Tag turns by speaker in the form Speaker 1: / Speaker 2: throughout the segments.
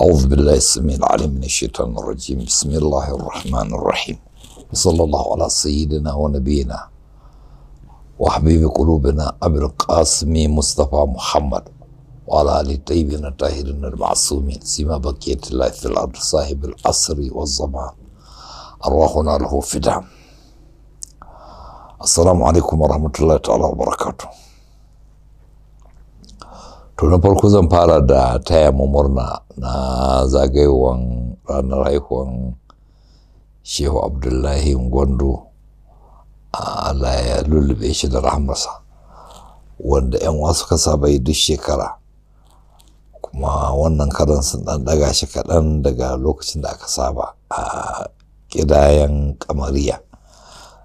Speaker 1: أعوذ بالله السميع العليم من الشيطان الرجيم بسم الله الرحمن الرحيم وصلى الله على سيدنا ونبينا وحبيب قلوبنا أبي القاسم مصطفى محمد وعلى آل الطيبين الطاهرين المعصومين سيما بقية الله في الأرض صاحب العصر والزمان أرواحنا له فدام Assalamu alaikum wa rahmatullahi ta'ala wa barakatu. To na farko zan fara da taya mu murna na zagayewan ranar haihuwan Shehu Abdullahi gwando Allah ya lullube shi da rahmarsa wanda 'yan wasu suka saba yi duk shekara kuma wannan karan sun daga ɗaga shi kaɗan daga lokacin da aka saba a ƙidayen kamariya.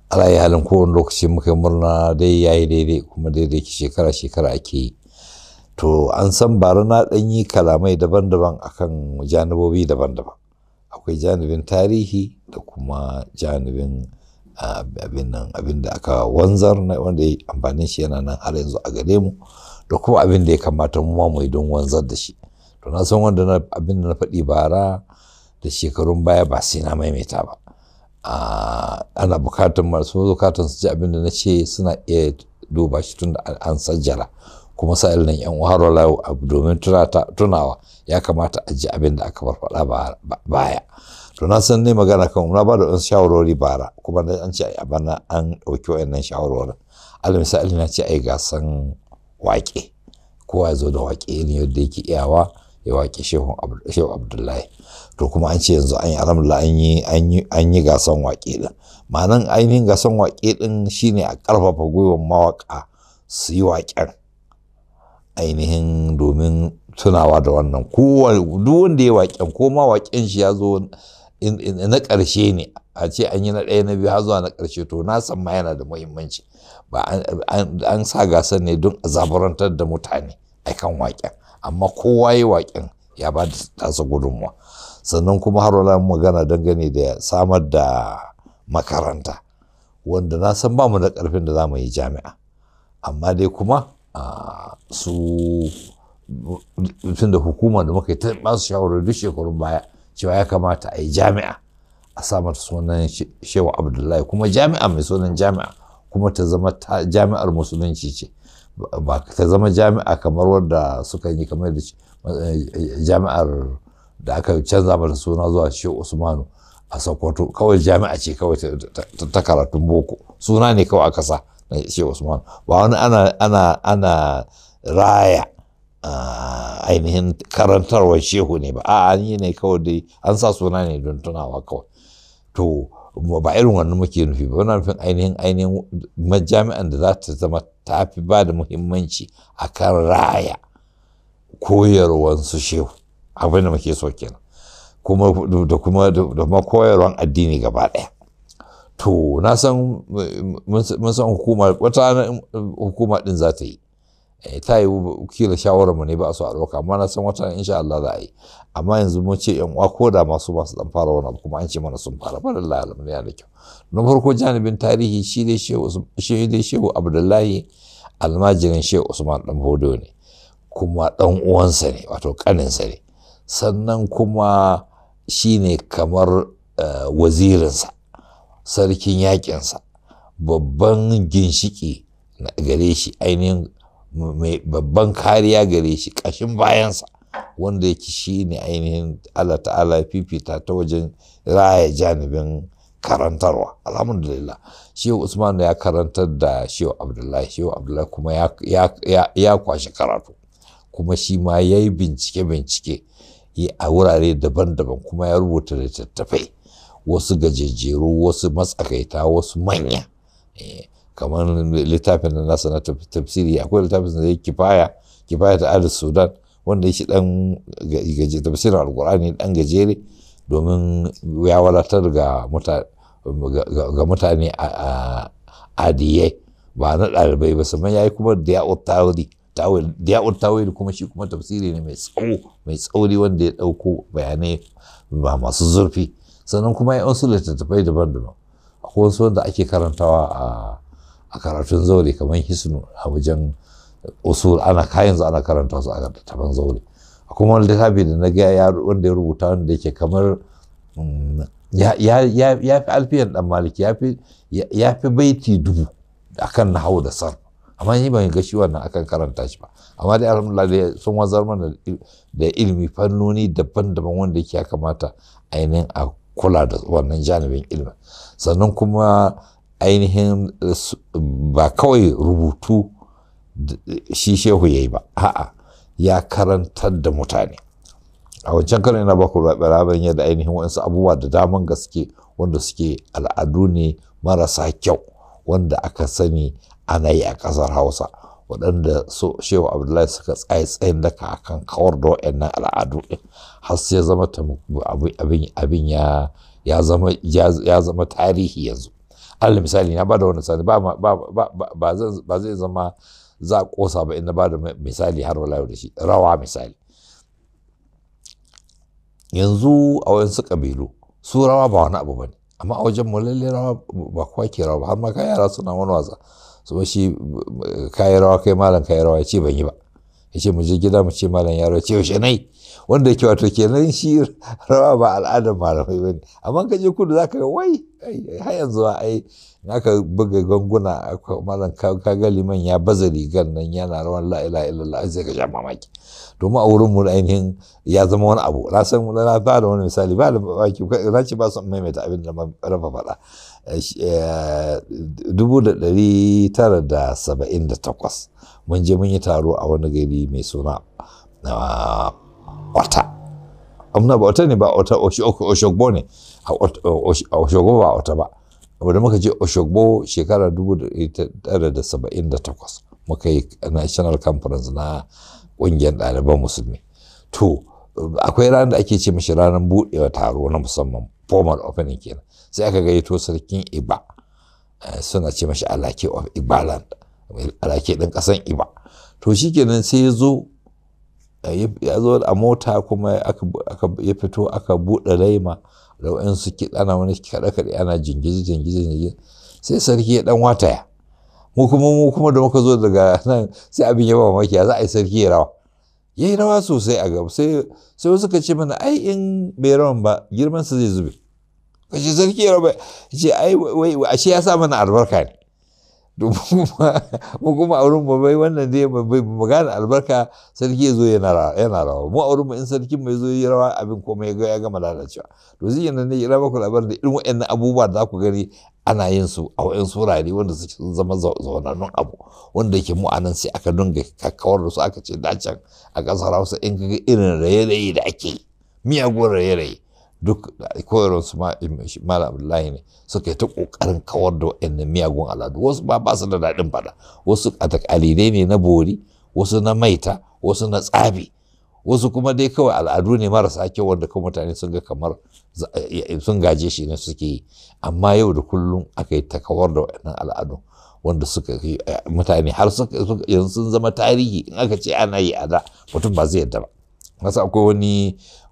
Speaker 1: alayi halin kowane lokaci muka murna dai ya daidai kuma daidai ki shekara shekara ake yi to an san bara na ɗan yi kalamai daban-daban akan janibobi daban-daban akwai janibin tarihi da kuma janibin abin da aka wanzar wanda ya amfanin shi yana nan har yanzu a gare mu da kuma abin da ya kamata mu ma mu don wanzar da shi to na san wanda abin da na faɗi bara da shekarun baya ba sai na maimaita ba ana bukatun masu bukatun su ji abin da na ce suna iya duba shi tun da an sajjara kuma sa'il nan yan uwa abu domin tunawa ya kamata a ji abin da aka farfada baya to na san ne magana kan na ba da wasu shawarwari bara kuma na an ce a bana an ɗauki wayannan shawarorin alim sa'il na ce ai gasan waƙe kowa ya zo da waƙe ne yadda yake iyawa ya wake shehu abdullahi to kuma an ce yanzu an yi alhamdulillah an yi an yi gasan waƙe ɗin. ma'anan ainihin gasan waƙe ɗin shine a ƙarfafa gwiwar mawaƙa su yi waƙen ainihin domin tunawa da wannan duk wanda ya waƙen ko ma waƙen shi ya zo na ƙarshe ne a ce an yi na ɗaya na biyu har zuwa na ƙarshe to na san ma yana da muhimmanci ba an sa gasar ne don a zaburantar da mutane a kan waƙen amma kowa ya waƙen ya ba da tasa gudunmawa. sannan kuma har wala magana dangane da samar da makaranta wanda na san ba mu da karfin da za mu yi jami'a amma dai kuma su tun da hukuma da muka yi ta ba su shawarar duk shekarun baya cewa ya kamata a yi jami'a a samar sunan shewa abdullahi kuma jami'a mai sunan jami'a kuma ta zama jami'ar musulunci ce ba ta zama jami'a kamar wadda suka yi kamar da eh, jami'ar da aka canza mata suna zuwa shehu usmanu a sokoto kawai jami'a ce kawai ta karatun boko suna ne kawai aka sa na shehu usmanu ba wani ana ana raya ainihin karantarwar shehu ne ba a'a an yi ne kawai dai an sa suna ne don tunawa kawai to ba irin wannan muke nufi ba wannan nufin ainihin ainihin majami'an da za ta zama ta fi ba da muhimmanci a kan raya koyarwansu shehu abin da muke so kenan kuma da kuma da kuma koyarwan addini gaba ɗaya to na san mun san hukuma wata hukuma din za ta yi eh, ta yi kila shawarar mu ne ba su a ɗauka amma na san wata insha Allah za a yi amma yanzu mun ce yan uwa ko da masu su dan fara wani kuma an ce mana sun fara fa Allah alamu ya da kyau na farko janibin tarihi shi dai shehu shi dai shehu Abdullahi almajirin shehu Usman dan Bodo ne kuma dan uwansa ne wato kaninsa ne sannan kuma shi ne kamar eh, wazirinsa sarkin yaƙinsa babban ginshiki na gare shi ainihin mai babban kariya gare shi ƙashin bayansa wanda yake shi ne ainihin Allah ta'ala fifita ta wajen raya janibin karantarwa alhamdulillah shehu usman ya karantar da shehu abdullahi shehu abdullahi kuma ya kwashe karatu kuma shi ma ya yi bincike-bincike a wurare daban-daban kuma ya rubuta littattafai wasu gajejjeru wasu matsakaita wasu manya eh, kamar littafin da nasa na tafsiri akwai littafin da ya kifaya kifaya ta adis sudan wanda ya shi dan tafsirin alkur'ani dan gajere domin ya wadatar ga mutane a adiyai ba na ɗalibai ba sannan ya yi kuma da ya otarori tawil diya'ul tawil kuma shi kuma tafsiri ne mai tsawo mai tsauri wanda ya dauko bayanai ba masu zurfi sannan kuma ya wasu littattafai daban-daban akwai wasu wanda ake karantawa a karatun zaure kamar hisnu a wajen usul ana kayan za ana karanta su a littattafan zaure akwai wani littafi da na ga wanda ya rubuta wanda yake kamar mm, ya fi alfiyan dan maliki ya fi baiti dubu akan nahau da sarf amma ni ban ga shi wannan akan karanta shi ba amma dai alhamdulillah sun wazar mana da ilimi fannoni daban-daban wanda yake ya kamata ainihin a kula da wannan janibin ilimin sannan kuma ainihin ba kawai rubutu shi shehu ya ba a'a ya karantar da mutane a wancan karin ina baku rabin yadda ainihin wasu abubuwa da daman gaske wanda suke al'adu ne marasa kyau wanda aka sani ana yi a ƙasar hausa waɗanda so shehu abdullahi suka tsaye tsayin daka kan kawar da wa'annan al'adu ɗin har sai ya zama abin ya zama tarihi yanzu alal misali na bada wani sani ba zai zama za a kosa ba ina bada misali har wala da shi rawa misali yanzu a wayansu kabilu su rawa ba wani abu bane amma a wajen mu lalle rawa ba kwa ke rawa ba har ma yara suna wani wasa zuwa shi kayi rawa kai malam kayi rawa ya ce ban yi ba ya ce mu je gida mu ce malam ya rawa ce yaushe nai wanda ke wato kenan shi rawa ba al'adar malamai ba ne amma ka je kudu zaka ga wai har yanzu ai aka buga ganguna malam ka ga liman ya baza rigar nan yana rawan la ilaha illallah sai ka sha mamaki domin a wurin mu ainihin ya zama wani abu na san na ba wani misali ba da baki na ce ba su maimaita abin da na faɗa 1978 mun je mun yi taro a wani gari mai suna wata amma ba wata ne ba wata oshogbo ne a oshogbo ba wata ba da muka je oshogbo shekara 1978 muka yi national conference na ƙungiyar ɗaliban musulmi to akwai ranar da ake ce mashi ranar buɗewa taro na musamman formal opening kenan sai aka gaito sarkin iba eh, suna ce mashi alake of ibaland alake ɗin ƙasan iba to shikenan sai ya zo eh, ya zo a mota kuma ya fito aka buɗe laima da wa'insu ana wani kaɗe-kaɗe ana jingiri jingiri jingiri sai sarki ya ɗan wataya mu kuma mu kuma da muka zo daga nan sai abin ya ba mamaki za a yi sarki ya rawa ya yi rawa sosai a gaba sai wasu ka ce mana ai in bai rawan ba girman sa zai zube kashi sarki ya raba ce ai wai ce ya sa mana albarka ne mu kuma a wurin bai wannan dai mu gane albarka sarki ya zo yana rawa mu a wurin in sarki mai zo yi rawa abin komai ya gama lalacewa to zai yana ne ya ku labarin da irin wa'annan abubuwa da za ku gani ana yin su a wa'in surare wanda suke zama zaunannun abu wanda ke mu a nan sai aka dunga kakkawar da su aka ce dacen a ƙasar hausa in ka ga irin raye-raye da ake miyagun raye-raye duk koyarwar su mala eh, abdullahi ne suka yi ta kokarin kawar da wa'annan miyagun al'adu wasu ba ba su da daɗin fada wasu a takalidai ne na bori wasu na maita wasu na tsabi wasu kuma dai kawai al'adu ne marasa kyau wanda kuma mutane sun ga kamar eh, eh, sun gaje shi ne suke yi amma yau da kullum aka yi ta kawar da wa'annan al'adu wanda suka mutane har yanzu sun zama tarihi in aka ce ana yi a da mutum ba zai yadda ba wasu akwai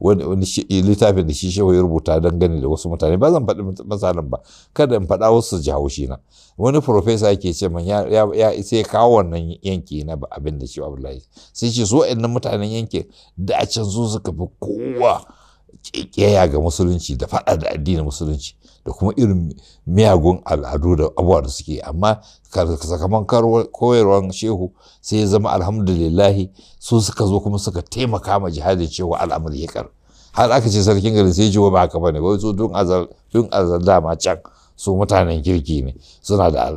Speaker 1: wani littafin da shi shehu ya rubuta don gani da wasu mutane ba zan faɗi misalin ba kada in faɗa wasu su ji haushi na wani profesa yake ce man ya sai kawo wannan yanki na abin da shi abdullahi sai ce su wa'annan mutanen yankin da a can suka fi kowa kekeya ga musulunci da faɗa da addinin musulunci da kuma irin miyagun al'adu da abuwa da suke amma sakamakon koyarwar shehu sai ya zama alhamdulillahi su suka zo kuma suka taimaka ma jihadin cewa al'amari ya kar har aka ce sarkin garin sai ji wani haka bane wai su dun azal dama can su mutanen kirki ne suna da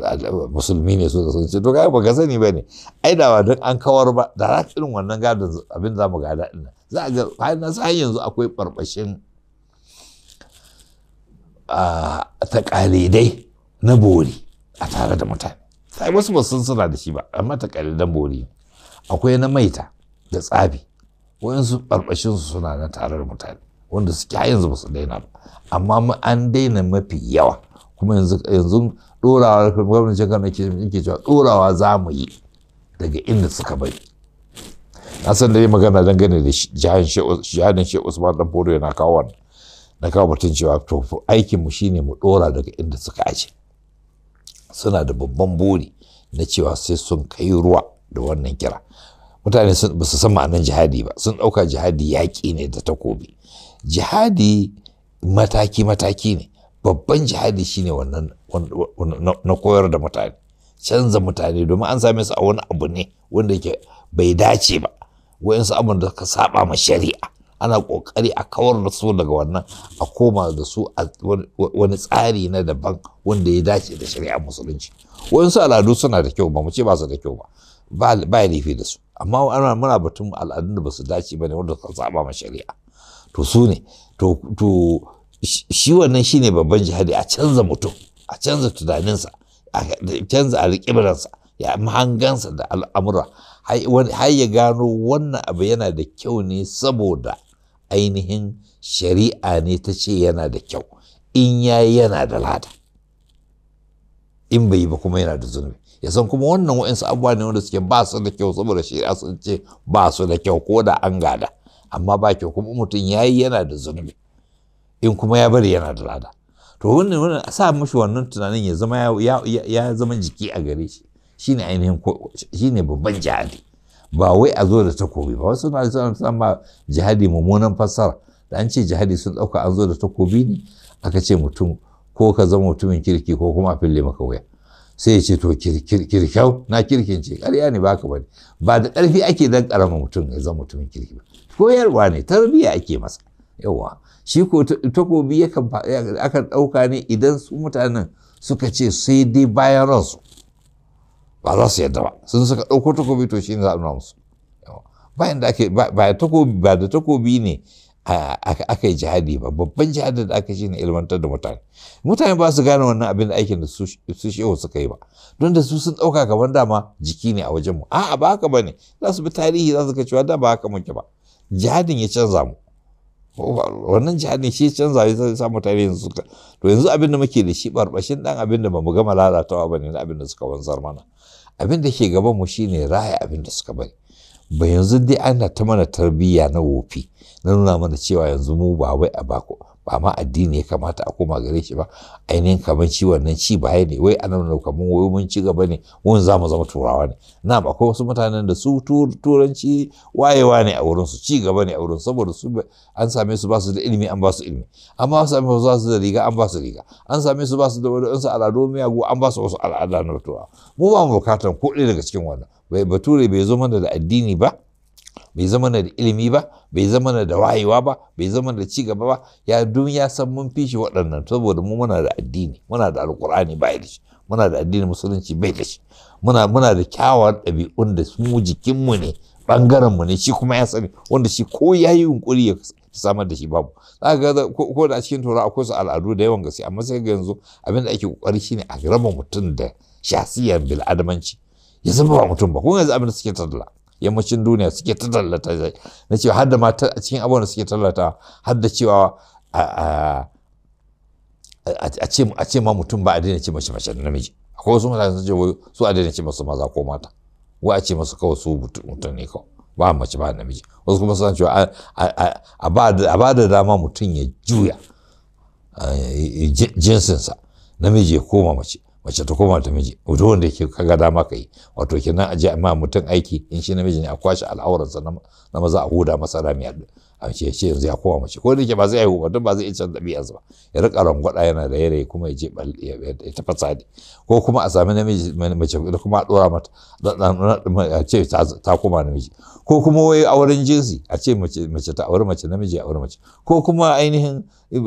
Speaker 1: musulmi ne su da sun ce to kai baka sani ba ne. ai da don an kawar ba da irin wannan gadon abin zamu gada din za a ga har yanzu akwai barbashin takalidai na bori a tare da mutane sai wasu ba sun suna da shi ba amma takalidan bori akwai na maita da tsabi wayansu barbashin su suna na tare da mutane wanda suke har yanzu ba su daina ba amma an daina mafi yawa kuma yanzu yanzu dorawa gwamnati kan nake cewa dorawa za mu yi daga inda suka bari na san da yi magana dangane da jihadin shehu usman dan yana kawo wannan na kawo mutum cewa to aikinmu shine mu ɗora daga inda suka aje suna da babban buri na cewa sai sun kai ruwa da wannan kira mutane ba su san ma'anar jihadi ba sun ɗauka jihadi yaƙi ne da takobi jihadi mataki-mataki ne babban jihadi shine wannan na koyar da mutane canza mutane domin an same su a wani abu ne wanda yake bai dace ba wa'insu abin da ka saba ma shari'a ana ƙoƙari a kawar da su daga wannan a koma da su a wani tsari na daban wanda ya dace da shari'a musulunci wayansu al'adu suna da kyau ba mu ce ba su da kyau ba ba ya laifi da su amma ana muna batun al'adun da ba su dace ba ne wanda suka saba ma shari'a to su ne to shi wannan shi ne babban jihadi a canza mutum a canza tunaninsa a canza alƙibransa ya mahangansa da al'amura har ya gano wannan abu yana da kyau ne saboda ainihin shari'a ne ta ce yana da kyau in ya yana da lada in bai yi ba kuma yana da zunubi ya san kuma wannan wa'insu abubuwa ne wanda suke ba su da kyau saboda shari'a sun ce ba su da kyau ko da an gada amma ba kyau kuma mutum ya yi yana da zunubi in kuma ya bari yana da lada to wannan wannan sa mashi wannan tunanin ya zama jiki a gare shi shine ainihin shine babban jihadi ba wai a zo da takobi ba wasu na san ma jihadi mummunan fassara da an ce jihadi sun ɗauka an zo da takobi ne aka ce mutum ko ka zama mutumin kirki ko kuma a fille maka waya. sai ya ce to kirkyau na kirkin ce ƙarya ne ba bane ba da ƙarfi ake dan ƙarama mutum ya zama mutumin kirki ba koyarwa ne tarbiyya ake masa yawa shi ko takobi yakan akan ɗauka ne idan su mutanen suka ce sai dai bayan ransu ba za su yadda ba sun suka ɗauko takobi to shi ne za a nuna musu bayan da ake ba da takobi ne aka yi jihadi ba babban jihadin da aka shi ne ilmantar da mutane mutane ba su gane wannan abin da aikin da su shehu suka yi ba don da su sun ɗauka kamar dama jiki ne a wajenmu a'a ba haka ba ne za su bi tarihi za su ga cewa da ba haka muke ba jihadin ya canza mu wannan jihadin shi canza ya sa mutane yanzu to yanzu abin da muke da shi barbashin dan abin da ba mu gama lalatawa ba ne na abin da suka wanzar mana abin da ke gaban mu shine raya abin da suka bari ba yanzu dai ana ta mana tarbiyya na wofi na nuna mana cewa yanzu mu ba wai a bako ba ma addini ya kamata a koma gare shi ba ainihin kamar ci wannan ci baya ne wai anan nan kamar wai mun ci gaba ne mun za mu zama turawa ne na ba akwai wasu mutanen da su turanci wayewa ne a wurin su ci gaba ne a wurin saboda su an same su ba su da ilimi an ba su ilimi an ba su ba su da riga an ba su riga an same su ba su da ɗansu al'adu miyagu an ba su wasu al'ada na turawa mu ba mu bukatan ko daga cikin wannan bai bature bai zo mana da addini ba bai zama na da ilimi ba bai zama na da wayewa ba bai zama da ci gaba ba ya duniya san mun fi shi waɗannan saboda mu muna da addini muna da alkur'ani bai da shi muna da addini, musulunci bai da shi muna muna da kyawawan ɗabi'un da mu jikinmu ne bangaren mu ne shi kuma ya sani wanda shi ko ya yi yunkuri ya samar da shi babu za ga ko da cikin turawa akwai su al'adu da yawan gaske amma sai ga yanzu abin da ake kokari shine a raba mutum da shasiyar bil'adamanci ya zama ba mutum ba kun yanzu abin da suke tattala yammacin duniya suke ta tallata na cewa hadda mata ma a cikin abubuwan da suke tallata hadda cewa a ce ma mutum ba a daina ce mace mace namiji akwai wasu mutane sun ce su a daina ce masu maza ko mata wa a ce masu kawai su mutum ne kawai ba mace ba namiji wasu kuma sun cewa a ba da dama mutum ya juya jinsinsa namiji ya koma mace mace ta koma ta miji wato wanda ke kaga dama kai wato kenan a je ma mutum aiki in shi namiji ne a kwashe al'auransa na maza a huda masa rami a ce ce yanzu ya koma mace ko dake ba zai haihu ba don ba zai iya canza ɗabi'arsa ba ya rika gwada yana da yare kuma ya je ya ta fasadi ko kuma a sami namiji mace da kuma a ɗora mata a ce ta koma namiji ko kuma wai auren jinsi a ce mace ta auri mace namiji ya auri mace ko kuma ainihin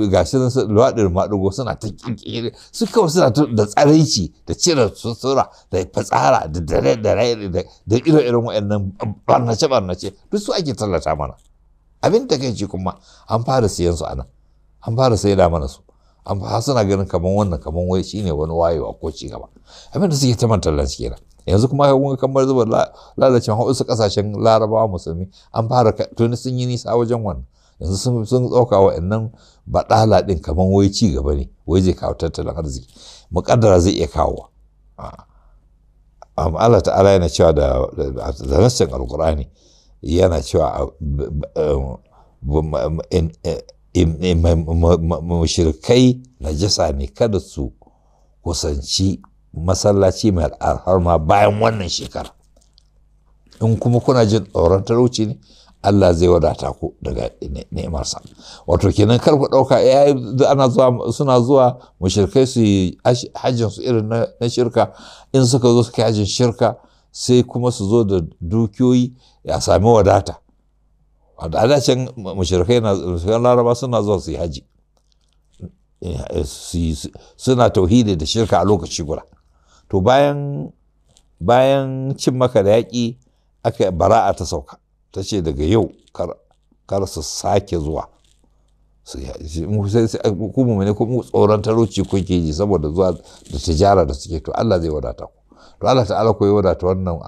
Speaker 1: ga shi nan luwaɗin maɗugo suna ta ƙirƙiri su kawai suna da tsaraici da cire sutura da fatsara da dare da da irin irin waɗannan ɓarnace ce. duk su ake tallata mana. abin ta kai kuma an fara siyan su anan an fara sai da mana su an fara suna ganin kaman wannan kaman wai shine wani wayewa ko ci gaba abin da suke ta mantallan shi kenan yanzu kuma ya kun kamar zuba lalacin hausa kasashen larabawa musulmi an fara tuni sun yi nisa wajen wannan yanzu sun ɗauka innan baɗala din kaman wai ci gaba ne wai zai kawo tattalin arziki muƙaddara zai iya kawo Allah ta'ala yana cewa da zanen alkur'ani yana cewa na um, najasa ne kada su kusanci masallaci mai ma bayan wannan shekara in kuma kuna jin tsoron talauci ne Allah zai wadata ku daga ne'imarsa wato kenan kar ku ɗauka eh, ana zuwa suna zuwa mashirkai su yi hajjinsu irin na shirka in suka zo suka hajjin shirka sai kuma su zo da dukiyoyi a sami wadata a can mashirkai na laraba suna zuwa su yi haji suna tauhidi da shirka a lokaci guda to bayan bayan cin maka da yaƙi aka bara'a ta sauka ta ce daga yau kar su sake zuwa kuma mene kuma tsoron talauci kuke ji saboda zuwa da tijara da suke to Allah zai wadata ku to Allah ta'ala ko ya wadata wannan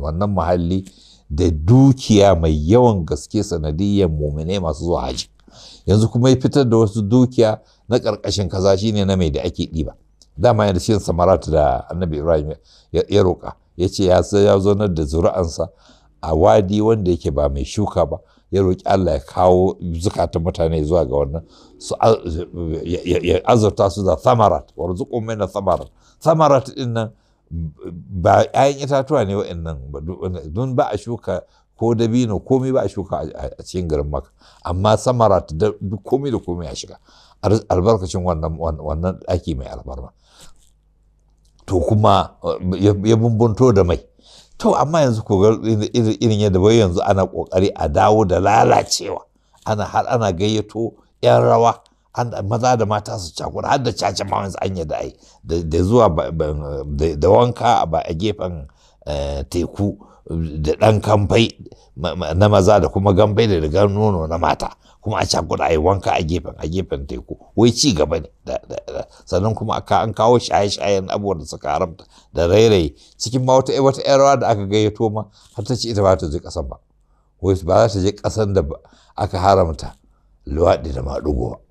Speaker 1: wannan mahalli da dukiya mai yawan gaske sanadiyyar mumine masu zuwa haji yanzu kuma ya fitar da wasu dukiya na ƙarƙashin kaza shine na mai da ake ɗiba dama yana cikin samarat da annabi ibrahim ya roƙa ya ce ya ya nan da zuri'ansa a wadi wanda yake ba mai shuka ba ya roƙi Allah ya kawo zukatan mutane zuwa ga wannan su ya azurta su da samarat warzuqu mina samarat samarat din nan ba 'ya'yan itatuwa ne waɗannan ba don ba a shuka ko dabino komai ba a shuka a cikin garin maka amma samara da komai da komai a shiga albarkacin wannan ɗaki mai albarma to kuma eh, ya bumbunto da mai to amma yanzu ko irin yadda bai yanzu ana kokari a dawo da lalacewa ana har ana gayyato 'yan rawa maza da mata su cakur har da caca ma wani an da ai da zuwa da wanka a gefen eh, teku da ɗan kamfai na maza da kuma gambai da daga nono na mata kuma a cakura a yi wanka a gefen a gefen teku wai ci gaba ne sannan kuma an kawo shaye-shayen abubuwan da suka haramta da rairayi cikin ma wata wata yarwa da aka gayyato ma har ta ce ita ba ta je ƙasan ba wai ba za ta je ƙasan da aka haramta luwaɗi da maɗugowa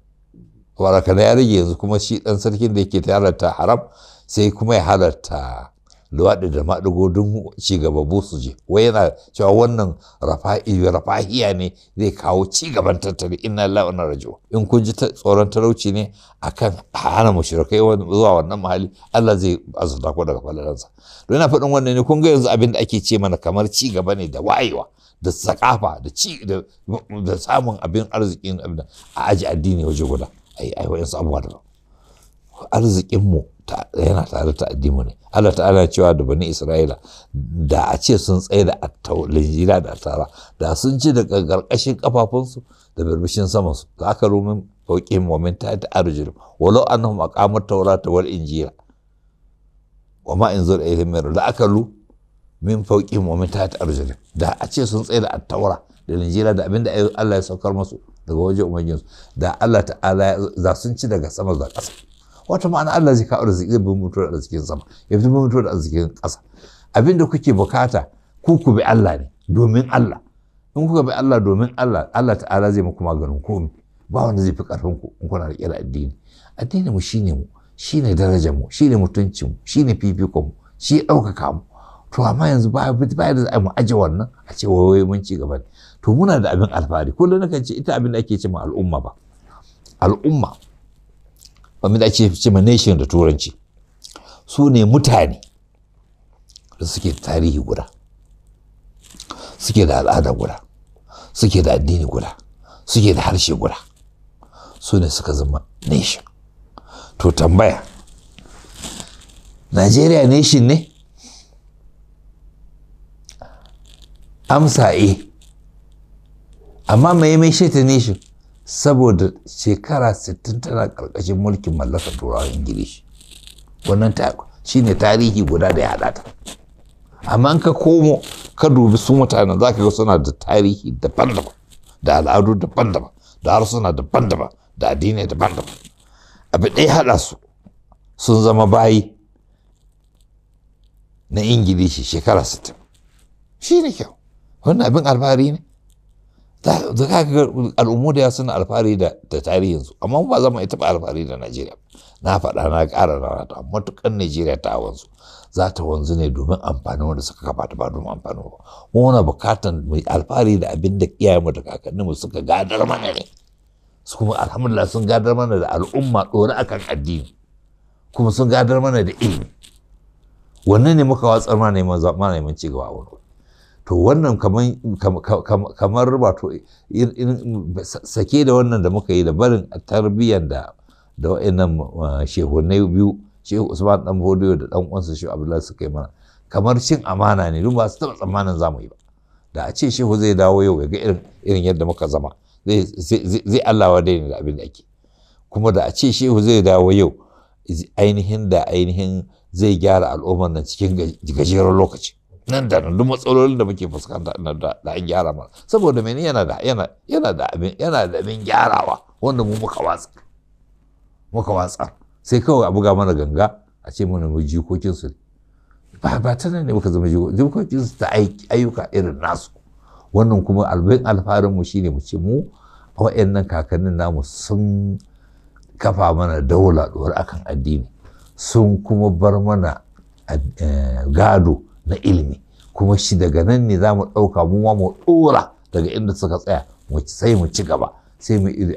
Speaker 1: waraka ya rage yanzu kuma shi ɗan sarkin da yake halarta haram sai kuma ya halarta luwaɗi da maɗigo don gaba su je wai yana cewa wannan rafahiya ne zai kawo ci gaban tattali inna la'una rajo in kun ji tsoron talauci ne akan hana mushrikai zuwa wannan mahali Allah zai azurta ku daga falalansa don yana faɗin wannan ne kun ga yanzu abin da ake ce mana kamar ci gaba ne da wayewa da sakafa da samun abin arzikin a aji addini waje guda ai wayansu abubuwa da arzikinmu yana tare ta addinmu ne Allah ta'ala cewa da bani Isra'ila da a ce sun tsaye da linjira da tara da sun ci daga ƙarƙashin kafafunsu da birbishin samansu da aka rumin fauƙin wamin ta ta arjul walau annahum aqamut tawrata wal injila wa ma inzur ilayhim min la akalu min fauƙin wamin ta ta arjul da a ce sun tsaye da at-taura da linjira da abinda Allah ya saukar musu daga waje ubangijinsu da Allah ta'ala za sun ci daga sama zuwa ƙasa wata ma'ana Allah zai kawo arziki zai bin mutuwar arzikin sama ya fi mutuwar da arzikin ƙasa abin da kuke bukata ku ku bi Allah ne domin Allah in kuka bi Allah domin Allah Allah ta'ala zai muku maganin komai ba wanda zai fi karfin ku in kuna riƙe da addini addini mu shine mu shine darajar mu shine mutuncin mu shine fifikon mu shi ɗaukaka mu to amma yanzu ba ba da za mu aje wannan a ce wai mun ci gaba ne to muna da abin alfahari kullum nakan ce ita abin da ake ce ma al'umma ba al'umma wani da ake ce ma nation da turanci su ne mutane da suke da tarihi guda suke da al'ada guda suke da addini guda suke da harshe guda su ne suka zama nation to tambaya najeriya nation ne amsa eh amma mai mai shi ta nishi saboda shekara 60 tana karkashin mulkin mallaka turawan ingilishi wannan shi ne tarihi guda da ya haɗa ta amma an ka komo ka dubi su mutanen za ka ga suna da tarihi daban-daban da al'adu daban-daban da harsuna daban-daban da addini daban-daban abu ɗaya haɗa su sun zama bayi na ingilishi shekara 60 shi ne kyau wannan abin alfahari ne za ga al'ummu da suna alfahari da tarihinsu amma ba za mu iya taɓa alfahari da najeriya na faɗa na ƙara na ta matuƙan najeriya ta wanzu za ta wanzu ne domin amfanin wanda suka kafa ta ba domin amfanin ba mu na buƙatar mu alfahari da abin da mu da mu suka gadar mana ne su kuma alhamdulillah sun gadar mana da al'umma ɗore akan addini kuma sun gadar mana da ilimi wannan ne muka watsar mana neman ci gaba a wani to wannan kamar wato sake da wannan da muka yi da barin tarbiyyar da da wa'annan eh, shehunai biyu shehu usman dan bodiyo da dan uwansa shehu abdullahi suka yi mana kamar cin amana ne duk ba su taɓa tsammanin zamu yi ba da a ce shehu zai dawo yau ya ga irin irin yadda muka zama zai allawa dai ne da abin da ake kuma da a ce shehu zai dawo yau ainihin da ainihin zai gyara al'ummar nan cikin gajeren lokaci nan da nan duk matsalolin da muke fuskanta da an gyara mana saboda mene yana da yana yana da abin yana da abin gyarawa wanda mu muka watsa muka watsa sai kawai a buga mana ganga a ce mana mu jikokin su ba ba ta nan ne muka zama jikokin su ta ayyuka irin nasu wannan kuma albin alfarin mu shine mu ce mu wa'annan kakannin namu sun kafa mana daula akan addini sun kuma bar mana eh, gado na ilimi kuma shi daga nan ne za mu ɗauka mu ma mu ɗora daga inda suka tsaya sai mu ci gaba sai mu iri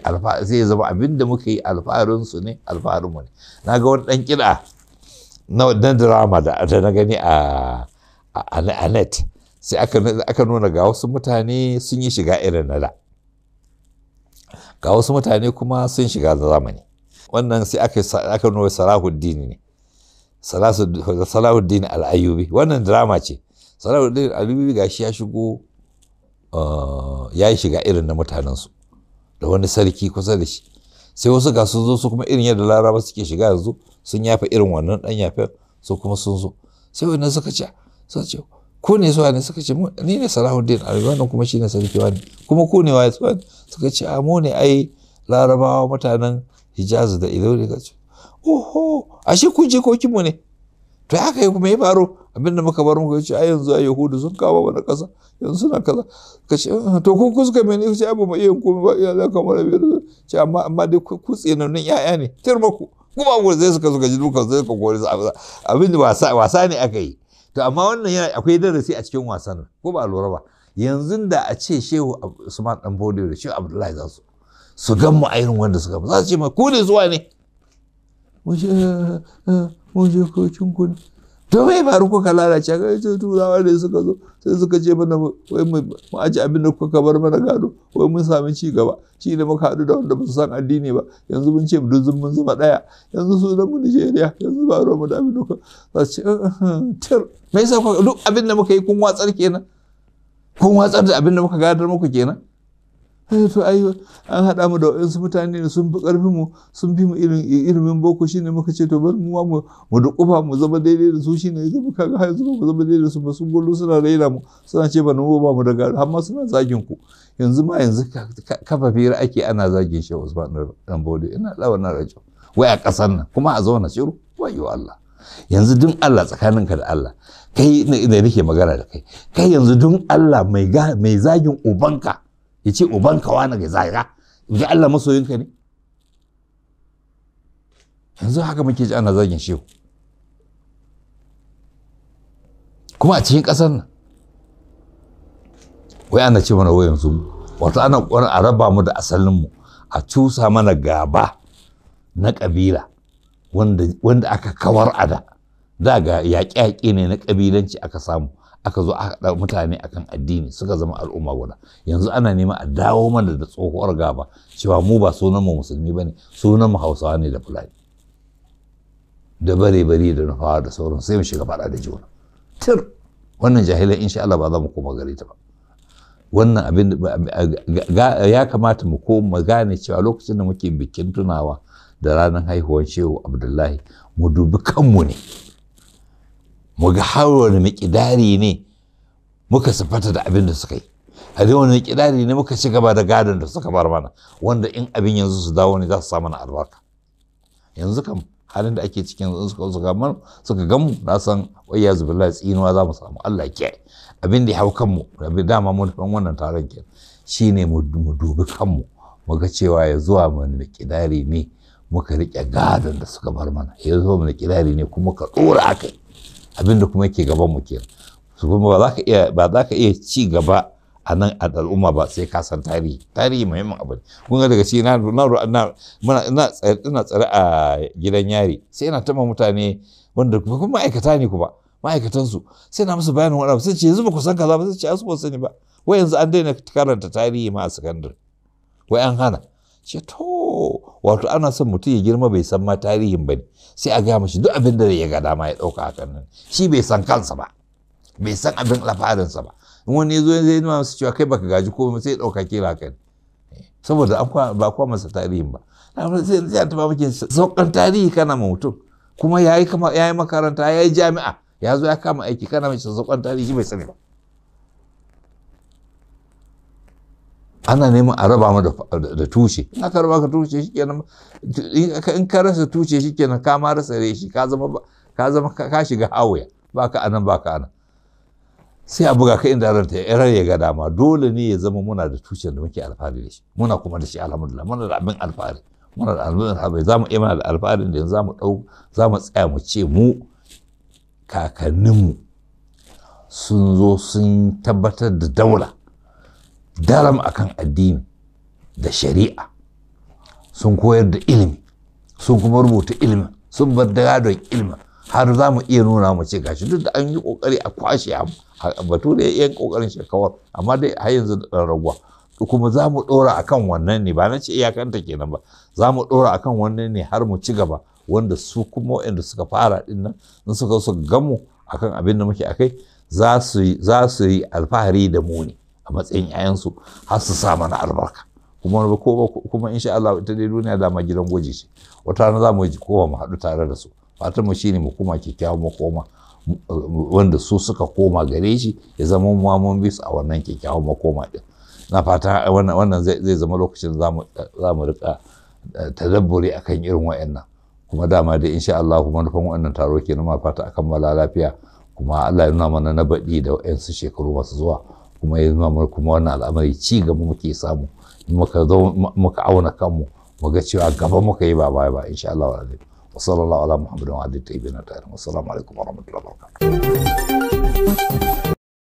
Speaker 1: sai ya zama abin da muka yi alfarin su ne alfarin mu ne na ga wani ɗan kiɗa na drama da na gani a a net sai aka nuna ga wasu mutane sun yi shiga irin na da ga wasu mutane kuma sun shiga zamani wannan sai aka nuna sarahuddin ne salahuddin al'ayyubi wannan drama ce salahuddin al'ayyubi shi ya shigo uh, ya yi shiga irin na mutanensu da wani sarki kusa da shi sai wasu ga sun zo su kuma irin yadda laraba suke shiga yanzu sun yafa irin wannan dan yafe? su kuma sun zo sai wannan suka ce suka ce ko ne su ne suka ce ni ne salahuddin al'ayyubi wannan kuma shine sarki wani kuma ko ne waye suka ce a mu ne ai larabawa mutanen hijazu da ido ne ka ce oho ashe je kokin mu ne to ya kai kuma ya faru abinda muka bar muka ce a yanzu a yahudu sun kawo mana kasa yanzu suna kaza ka ce eh, to kun kuska mene ku abu ai ba iya komai ba iya zaka mara biyar ce amma amma dai ku tsinannun yaya ne tirma ku kuma ku zai suka suka duka dukan zai suka kore abin wasa wasa ne aka yi to amma wannan yana akwai darasi a cikin wasan ko ba lura ba yanzu da a ce shehu usman dan bodo da shehu abdullahi za su su gan mu irin wanda suka za su ce ma ku ne zuwa ne mun eh, eh, je kokin kun to me faru kuka lalace ga ita turawa ne suka zo sai suka ce mana wai mu aji abin da kuka bar mana gado wai mun sami ci gaba shi ne muka haɗu da wanda ba su san addini ba yanzu mun ce duk mun zama ɗaya yanzu su mu Nigeria yanzu ba ruwa mu da abin da kuka za su ce eh, tir me duk abin da muka yi kun watsar kenan kun watsar da abin da muka gadar muku kenan Eh, to ai an haɗa mu da waɗansu mutane da sun fi ƙarfin mu sun fi mu ilimin boko shine muka ce to bari mu mu mu dukufa mu zama daidai da su shine ya zama kaga har zama mu zama daidai da su ba sun gollo suna raina mu suna ce ba mu ba mu daga har ma suna zagin ku yanzu ma yanzu kafa fira ake ana zagin shi Usman dan Bode ina da wannan rajo wai a ƙasar nan kuma a zauna shiru wayo Allah yanzu dun Allah tsakaninka da Allah kai da nake magana da kai kai yanzu dun Allah mai zagin ubanka ya ce kawa wani ga zaira ji Allah ka ne yanzu haka muke ji ana zagin shehu kuma a cikin ƙasar nan wai ana ce mana wayan yanzu wato ana ƙoƙarin a raba mu da asalin mu a cusa mana gaba na ƙabila wanda, aka kawar a da da ga yaƙe-yaƙe ne na ƙabilanci aka samu aka zo aka haɗa mutane akan addini suka zama al'umma guda yanzu ana nema a dawo mana da tsohuwar gaba cewa mu ba sunan mu musulmi bane sunan mu hausawa ne da fulani da bare bare da nufawa da sauran sai mu shiga faɗa da juna tir wannan jahila insha Allah ba za mu koma gare ta ba wannan abin ya kamata mu koma gane cewa lokacin da muke bikin tunawa da ranar haihuwar shehu abdullahi mu dubi kanmu ne Muga ga har wani mikidari ne muka sifata da abin da suka yi har wani mikidari ne muka ci gaba da gadon da suka bar mana wanda in abin yanzu su dawo ne za su sa mana albarka yanzu kam halin da ake cikin yanzu suka suka gamar suka gamu na san wayya zubillah tsinuwa za mu samu Allah kiyaye abin da ya hau kanmu da dama mun wannan taron kenan shine mu dubi kanmu muga cewa ya zuwa mu mikidari ne muka riƙe gadon da suka bar mana ya zo mikidari ne kuma ka ɗora akai abinda kuma ke gaban mu su kuma ba za ka iya ci gaba a nan a al'umma ba sai ka san tarihi tarihi muhimmin abu ne kun ga daga ci na na na ina tsare a gidan yari sai ina tama mutane wanda kuma ma'aikata ne kuma ma'aikatansu sai na musu bayanin wani abu sai ce yanzu ba ku san kaza ba sai ce asu ba sani ba wai yanzu an daina karanta tarihi ma a sakandare wai an hana ce to wato ana son mutum ya girma bai san ma tarihin ba ne sai a gaya mashi duk abin da ya ga dama ya ɗauka a kan nan shi bai san kansa ba bai san abin lafarinsa ba in wani ya zo ya zai nuna masa cewa kai baka gaji ko sai ya ɗauka ke ba kai saboda ba kwa masa tarihin ba sai ya taba maki saukan tarihi kana ma mutum kuma ya yi makaranta ya yi jami'a ya zo ya kama aiki kana mai saukan tarihi bai sani ba ana neman a raba mu da tushe na aka raba ka tushe shikenan in ka rasa tushe shikenan ka ma rasa shi ka zama ka zama ka shiga hawaya baka anan baka anan sai a buga ka inda ranta ya ya ga dama dole ne ya zama muna da tushen da muke alfahari da shi muna kuma da shi alhamdulillah muna da abin alfahari muna da abin alfahari za mu iya eh, muna da alfahari da yanzu za mu ɗau za mu tsaya mu ce mu kakanninmu sun zo sun tabbatar da daula daram akan addini da shari'a sun koyar da ilimi sun kuma rubuta ilimi, sun bar da gadon ilimi, har za mu iya nuna mu ce gashi duk da an yi kokari a kwashe batu da yan kokarin shekawar amma dai har yanzu da dan raguwa kuma za mu dora akan wannan ne ba na ce iyakanta kenan ba za mu dora akan wannan ne har mu ci gaba wanda su kuma wanda suka fara din nan in suka su gamu akan abin da muke akai za su yi alfahari da mu ne a matsayin 'ya'yansu har su sa mana albarka kuma ko kuma insha Allah ita dai duniya da ma gidan gwaji ce wata rana za mu yi kowa mu haɗu tare da su fatan mu shine mu koma kyakkyawan makoma wanda su suka koma gare shi ya zama mu mun bi su a wannan kyakkyawan makoma din na fata wannan zai zama lokacin za mu rika eh, tadabburi akan irin wayannan kuma dama da insha Allah nufin wannan taro kenan ma fata akan mala lafiya kuma Allah ya nuna mana na baɗi da wayansu shekaru masu zuwa kuma ya zama mana kuma wannan al'amari ci gaba muke samu muka zo muka auna kanmu mu ga cewa gaba muka yi ba baya ba insha Allah wa wa sallallahu ala muhammadin wa alihi tayyibin wa assalamu alaikum wa rahmatullahi wa barakatuh